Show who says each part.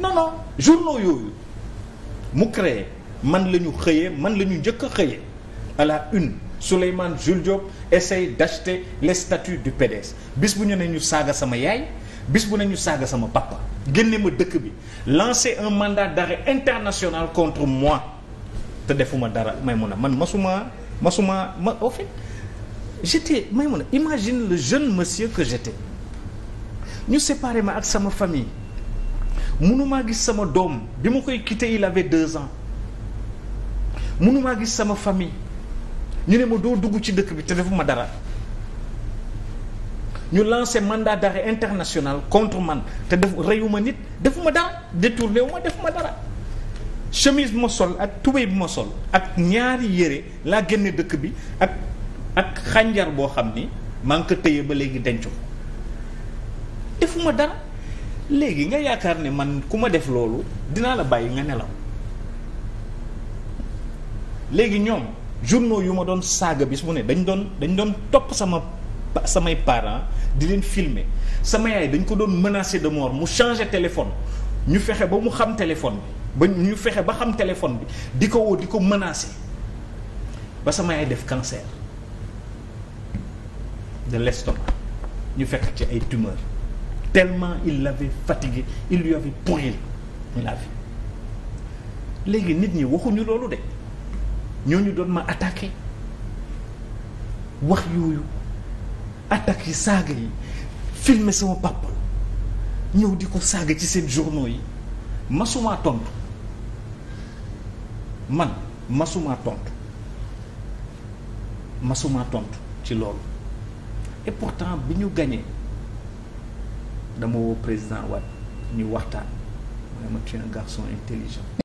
Speaker 1: non non journaux yooyu mu créé man la ñu xëyee man la ñu njëkk a xëyee à une Souleymane Jules Diop essaye d'acheter les statuts du PDS bis bu ñu ne ñu saaga sama yaay bis bu na ñu saaga sama papa génne ma dëkk bi lancer un mandat d'arrêt international contre moi te defuma dara may mun a man masuma masuma ma au fait j'étais may mun a imagine le jeune monsieur que j'étais ñu séparé ma ak sama famille mënumaa gis sama doom bi ma koy quitté il avait deux ans mënumaa gis sama famille ñu ne ma doo dugg ci dëkk bi te ma dara ñu lancé mandat d'arrêt international contre man te def ma nit defu ma dara détourné wu ma defuma dara chemise bi ma sol ak tubéy bi ma sol ak ñaari yére laa génne dëkk bi ak ak xànjar boo xam ni maa ngi ko téye ba léegi denc ko defuma dara léegi nga yaakaar ne man ku ma def loolu dinaa la bàyyi nga nelaw léegi ñoom journaux yu ma doon saaga bis mu ne dañ doon dañ doon topp sama samay parent di leen filmer sama yaay dañ ko doon menacer de mort mu changer téléphone ñu fexe ba mu xam téléphone bi ba fexe ba xam téléphone bi di ko woo di ko menacer ba sama yaay def cancer de l'estomac ñu fekk ci ay tumeur tellement il l'avait fatigué il lui avait pourri la vie léegi nit ñi waxuñu loolu de ñooñu doon ma attaqué wax yooyu attaques yi saaga yi filmer sama papa ñëw di ko saaga ci seen journaux yi masumaa tontu man masumaa tontu masumaa tontu ci loolu et pourtant bi ñu gañee dama woo président Wade ñu waxtaan mu ne ma tu es intelligent